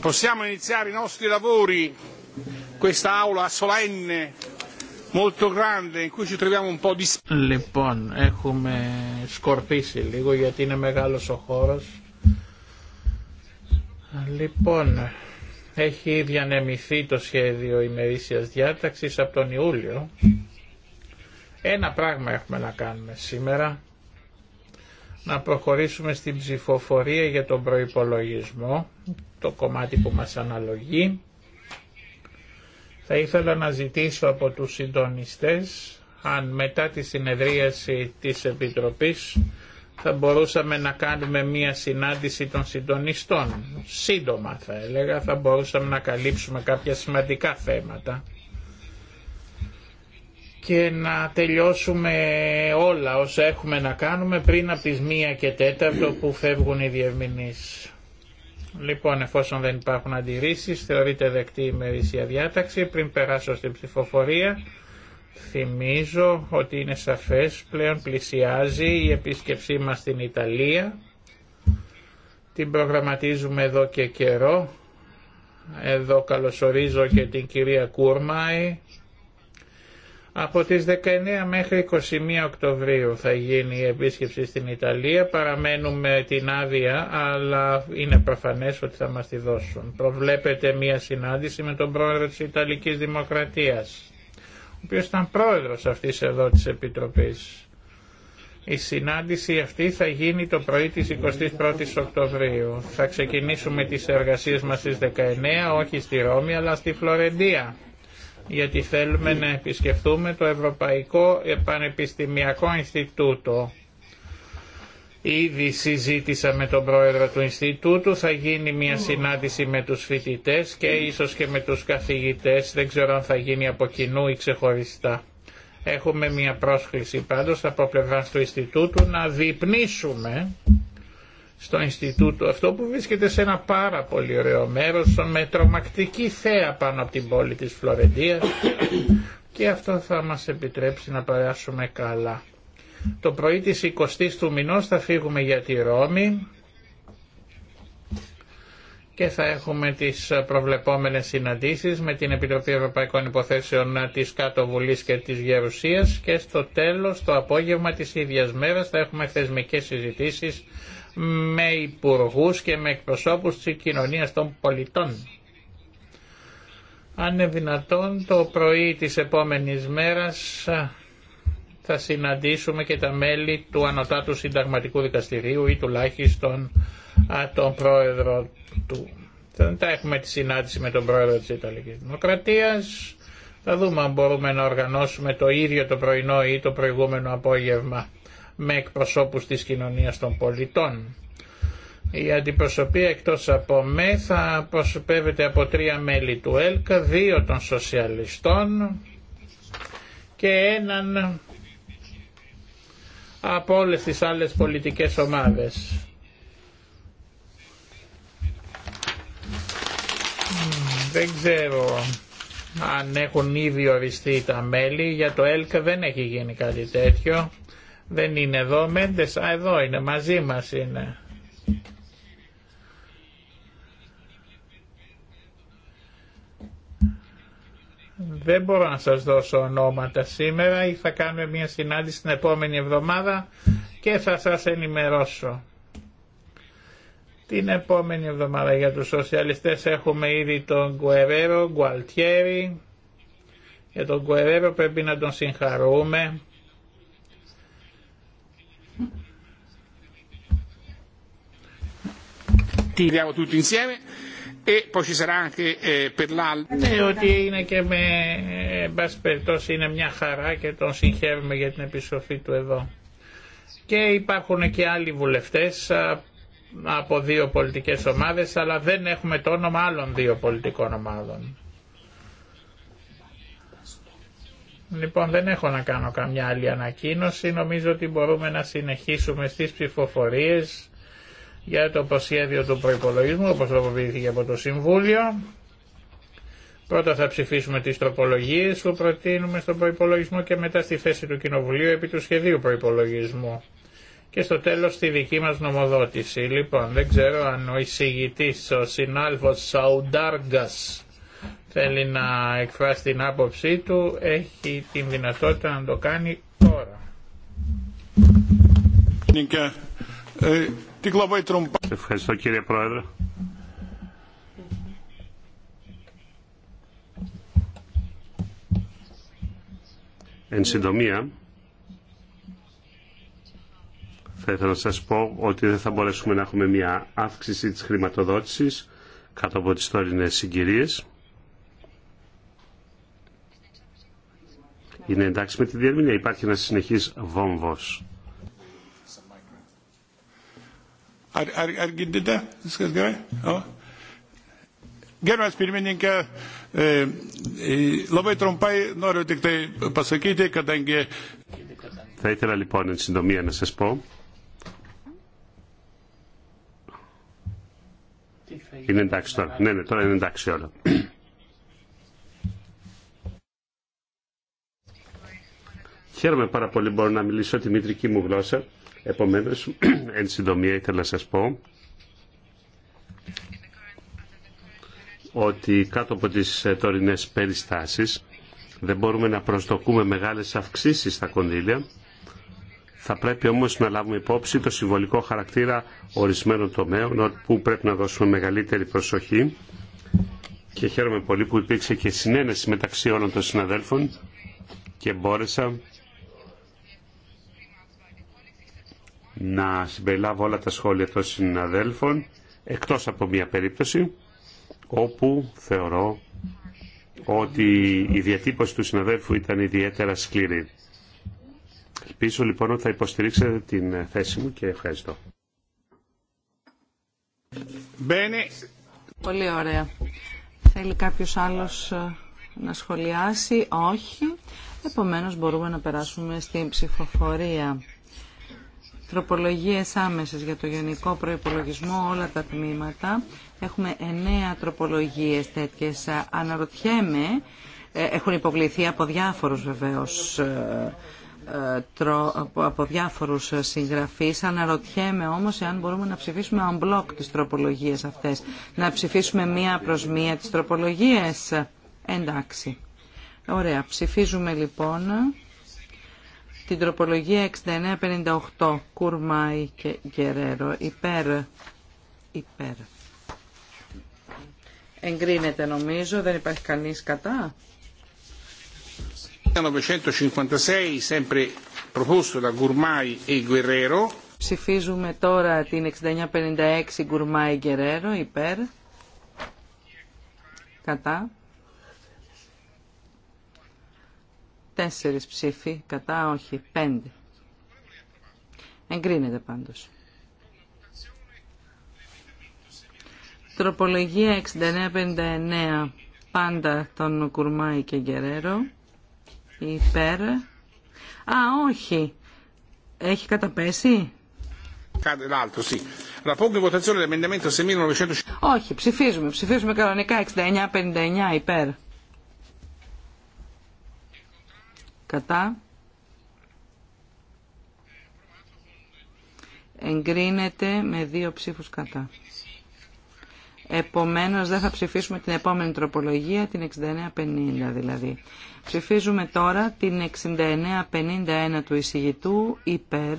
Possiamo iniziare i nostri lavori, questa aula molto grande, Λοιπόν, έχουμε σκορπίσει λίγο γιατί είναι μεγάλο ο χώρος. Λοιπόν, έχει διανεμηθεί το σχέδιο ημερήσιας διάταξης από τον Ιούλιο. Ένα πράγμα έχουμε να κάνουμε σήμερα να προχωρήσουμε στην ψηφοφορία για τον προϋπολογισμό, το κομμάτι που μας αναλογεί. Θα ήθελα να ζητήσω από τους συντονιστές αν μετά τη συνεδρίαση της Επιτροπής θα μπορούσαμε να κάνουμε μία συνάντηση των συντονιστών. Σύντομα θα έλεγα, θα μπορούσαμε να καλύψουμε κάποια σημαντικά θέματα και να τελειώσουμε όλα όσα έχουμε να κάνουμε πριν από τις 1 και 4 που φεύγουν οι διευμηνείς. Λοιπόν, εφόσον δεν υπάρχουν αντιρρήσει, θεωρείται δεκτή η μερίσια διάταξη. Πριν περάσω στην ψηφοφορία, θυμίζω ότι είναι σαφές, πλέον πλησιάζει η επίσκεψή μας στην Ιταλία. Την προγραμματίζουμε εδώ και καιρό. Εδώ καλωσορίζω και την κυρία Κούρμαη, από τις 19 μέχρι 21 Οκτωβρίου θα γίνει η επίσκεψη στην Ιταλία. Παραμένουμε την άδεια, αλλά είναι προφανές ότι θα μας τη δώσουν. Προβλέπεται μια συνάντηση με τον πρόεδρο της Ιταλικής Δημοκρατίας, ο οποίος ήταν πρόεδρος αυτής εδώ της Επιτροπής. Η συνάντηση αυτή θα γίνει το πρωί της 21ης Οκτωβρίου. Θα ξεκινήσουμε τις εργασίες μας στις 19, όχι στη Ρώμη, αλλά στη Φλωρεντία γιατί θέλουμε να επισκεφθούμε το Ευρωπαϊκό Πανεπιστημιακό Ινστιτούτο. Ήδη συζήτησα με τον πρόεδρο του Ινστιτούτου, θα γίνει μια συνάντηση με τους φοιτητές και ίσως και με τους καθηγητές, δεν ξέρω αν θα γίνει από κοινού ή ξεχωριστά. Έχουμε μια πρόσκληση πάντως από πλευράς του Ινστιτούτου να διπνήσουμε στο Ινστιτούτο αυτό που βρίσκεται σε ένα πάρα πολύ ωραίο μέρος με τρομακτική θέα πάνω από την πόλη της Φλωρεντίας και αυτό θα μας επιτρέψει να παράσουμε καλά. Το πρωί της 20ης του μηνός θα φύγουμε για τη Ρώμη και θα έχουμε τις προβλεπόμενες συναντήσεις με την Επιτροπή Ευρωπαϊκών Υποθέσεων της Κάτω Βουλής και της Γερουσίας και στο τέλος, το απόγευμα της ίδιας μέρας, θα έχουμε θεσμικές συζητήσεις με υπουργούς και με εκπροσώπους της κοινωνίας των πολιτών. Αν είναι δυνατόν το πρωί της επόμενης μέρας θα συναντήσουμε και τα μέλη του Ανωτάτου Συνταγματικού Δικαστηρίου ή τουλάχιστον τον πρόεδρο του. Δεν έχουμε τη συνάντηση με τον πρόεδρο της Ιταλικής Δημοκρατίας. Θα δούμε αν μπορούμε να οργανώσουμε το ίδιο το πρωινό ή το προηγούμενο απόγευμα με εκπροσώπους της κοινωνίας των πολιτών. Η αντιπροσωπεία εκτός από ΜΕ θα προσωπεύεται από τρία μέλη του ΕΛΚΑ, δύο των σοσιαλιστών και έναν από όλες τις άλλες πολιτικές ομάδες. Δεν ξέρω αν έχουν ήδη οριστεί τα μέλη, για το ΕΛΚΑ δεν έχει γίνει κάτι τέτοιο. Δεν είναι εδώ, Μέντες, α, εδώ είναι, μαζί μας είναι. Δεν μπορώ να σας δώσω ονόματα σήμερα ή θα κάνουμε μια συνάντηση την επόμενη εβδομάδα και θα σας ενημερώσω. Την επόμενη εβδομάδα για τους σοσιαλιστές έχουμε ήδη τον Γκουερέρο, Γκουαλτιέρη. Για τον Γκουερέρο πρέπει να τον συγχαρούμε ότι είναι και με, ε, περιπτώσει, είναι μια χαρά και τον συγχαίρουμε για την του εδώ. Και υπάρχουν και άλλοι βουλευτές από δύο πολιτικές ομάδες, αλλά δεν έχουμε το όνομα άλλων δύο πολιτικών ομάδων. Λοιπόν, δεν έχω να κάνω καμιά άλλη ανακοίνωση. Νομίζω ότι μπορούμε να συνεχίσουμε στις ψηφοφορίες για το προσχέδιο του προϋπολογισμού όπως τροποποιήθηκε από το Συμβούλιο. Πρώτα θα ψηφίσουμε τις τροπολογίες που προτείνουμε στον προϋπολογισμό και μετά στη θέση του Κοινοβουλίου επί του σχεδίου προϋπολογισμού. Και στο τέλος τη δική μας νομοδότηση. Λοιπόν, δεν ξέρω αν ο εισηγητής, ο συνάλφος Σαουντάργκας θέλει να εκφράσει την άποψή του, έχει την δυνατότητα να το κάνει τώρα. Ευχαριστώ κύριε Πρόεδρε. Εν συντομία, θα ήθελα να σας πω ότι δεν θα μπορέσουμε να έχουμε μια αύξηση της χρηματοδότησης κάτω από τις τωρινές συγκυρίες. Είναι εντάξει με τη διερμηνία. Υπάρχει ένα συνεχής βόμβος. Ar, ar, ar girdite? Viskas gerai? O. pirmininkė, e, e, labai trumpai tik tai pasakyti, kadangi... Θα ήθελα λοιπόν εν συντομία να σας πω. Είναι εντάξει τώρα. Ναι, ναι, τώρα είναι εντάξει όλα. Χαίρομαι πάρα πολύ μπορώ να μιλήσω τη μητρική μου γλώσσα. Επομένως, εν συντομία ήθελα να σας πω ότι κάτω από τις ε, τωρινές περιστάσεις δεν μπορούμε να προσδοκούμε μεγάλες αυξήσεις στα κονδύλια. Θα πρέπει όμως να λάβουμε υπόψη το συμβολικό χαρακτήρα ορισμένων τομέων που πρέπει να δώσουμε μεγαλύτερη προσοχή και χαίρομαι πολύ που υπήρξε και συνένεση μεταξύ όλων των συναδέλφων και μπόρεσα να συμπεριλάβω όλα τα σχόλια των συναδέλφων, εκτός από μια περίπτωση όπου θεωρώ ότι η διατύπωση του συναδέλφου ήταν ιδιαίτερα σκληρή. Ελπίζω λοιπόν ότι θα υποστηρίξετε την θέση μου και ευχαριστώ. Μπαίνει. Πολύ ωραία. Θέλει κάποιος άλλος ε, να σχολιάσει. Όχι. Επομένως μπορούμε να περάσουμε στην ψηφοφορία τροπολογίες άμεσες για το γενικό προϋπολογισμό όλα τα τμήματα. Έχουμε εννέα τροπολογίες τέτοιες. Αναρωτιέμαι, ε, έχουν υποβληθεί από διάφορους βεβαίως ε, ε, από διάφορους συγγραφείς. Αναρωτιέμαι όμως εάν μπορούμε να ψηφίσουμε on μπλόκ τις τροπολογίες αυτές. Να ψηφίσουμε μία προς μία τις τροπολογίες. Εντάξει. Ωραία. Ψηφίζουμε λοιπόν την τροπολογία 6958 Κουρμάι και Γκερέρο υπέρ υπέρ εγκρίνεται νομίζω δεν υπάρχει κανείς κατά 1956 sempre proposto da e Ψηφίζουμε τώρα την 6956 και Γκερέρο υπέρ κατά Τέσσερις ψήφοι, κατά, όχι, πέντε. Εγκρίνεται πάντως. Τροπολογία 69-59, πάντα τον Κουρμάη και Γκερέρο. Υπέρ. Α, όχι. Έχει καταπέσει. Όχι, ψηφίζουμε. Ψηφίζουμε κανονικά 69-59 υπέρ. κατά εγκρίνεται με δύο ψήφους κατά. Επομένως δεν θα ψηφίσουμε την επόμενη τροπολογία, την 6950 δηλαδή. Ψηφίζουμε τώρα την 6951 του εισηγητού υπέρ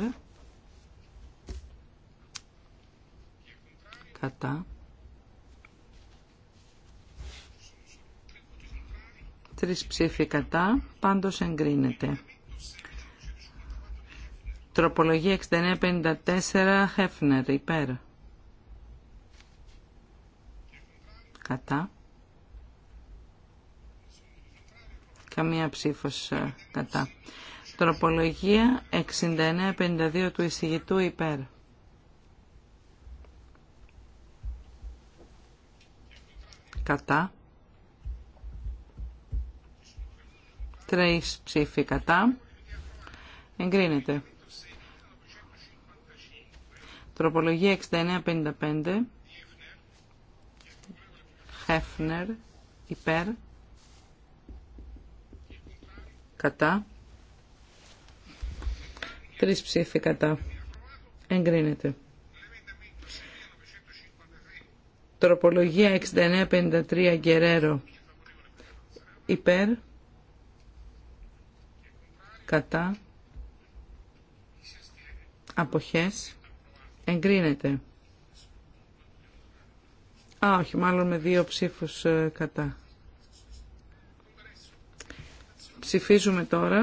κατά τρεις ψήφοι κατά, πάντως εγκρίνεται. Τροπολογία 6954, Χέφνερ, υπέρ. Κατά. Καμία ψήφος ε, κατά. Τροπολογία 6952 του εισηγητού υπέρ. Κατά. Τρεις ψήφοι κατά. Εγκρίνεται. Τροπολογία 6955. Χέφνερ. Υπέρ. Κατά. Τρεις ψήφοι κατά. Εγκρίνεται. Τροπολογία 6953 Γκερέρο. Υπέρ κατά αποχές εγκρίνεται. Α, όχι, μάλλον με δύο ψήφους ε, κατά. Ψηφίζουμε τώρα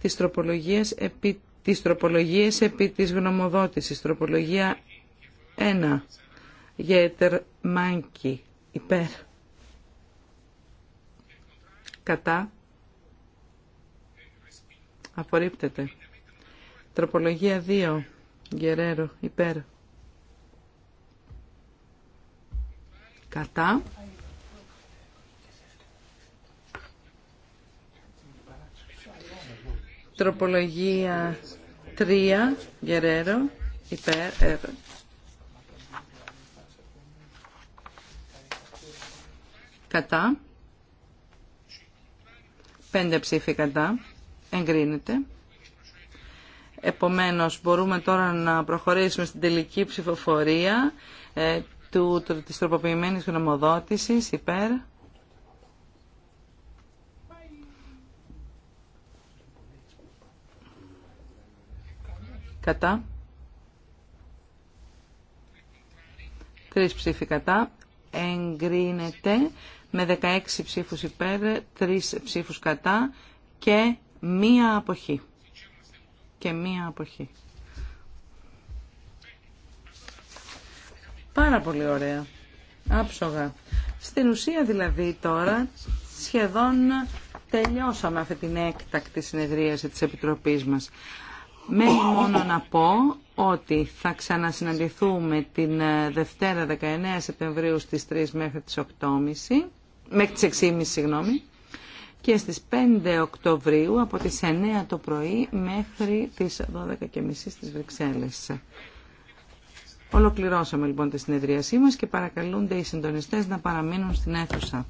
τις τροπολογίες επί, τις τροπολογίες επί της γνωμοδότησης. Τροπολογία 1. Γέτερ Μάνκι. Υπέρ. Κατά. Απορρίπτεται. Τροπολογία 2. Γκερέρο. Υπέρ. Κατά. Τροπολογία 3. Γκερέρο. Υπέρ. Ε, κατά. Πέντε ψήφοι κατά. Εγκρίνεται. Επομένως, μπορούμε τώρα να προχωρήσουμε στην τελική ψηφοφορία ε, του, της τροποποιημένης γνωμοδότησης υπέρ. Κατά. Τρεις ψήφοι κατά. Εγκρίνεται με 16 ψήφους υπέρ, 3 ψήφους κατά και Μία αποχή. Και μία αποχή. Πάρα πολύ ωραία. Άψογα. Στην ουσία δηλαδή τώρα σχεδόν τελειώσαμε αυτή την έκτακτη συνεδρίαση της Επιτροπής μας. Μένει μόνο να πω ότι θα ξανασυναντηθούμε την ε, Δευτέρα 19 Σεπτεμβρίου στις 3 μέχρι τις 8.30, μέχρι τις 6.30 συγγνώμη και στις 5 Οκτωβρίου από τις 9 το πρωί μέχρι τις 12.30 στις Βρυξέλλες. Ολοκληρώσαμε λοιπόν τη συνεδρίασή μας και παρακαλούνται οι συντονιστές να παραμείνουν στην αίθουσα.